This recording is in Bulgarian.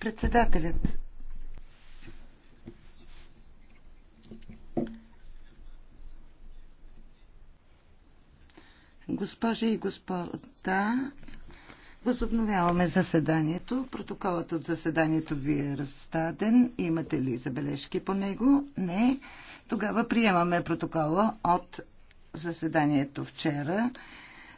Председателят. Госпожи и господа, възобновяваме заседанието. Протоколът от заседанието ви е разстаден. Имате ли забележки по него? Не. Тогава приемаме протокола от заседанието вчера.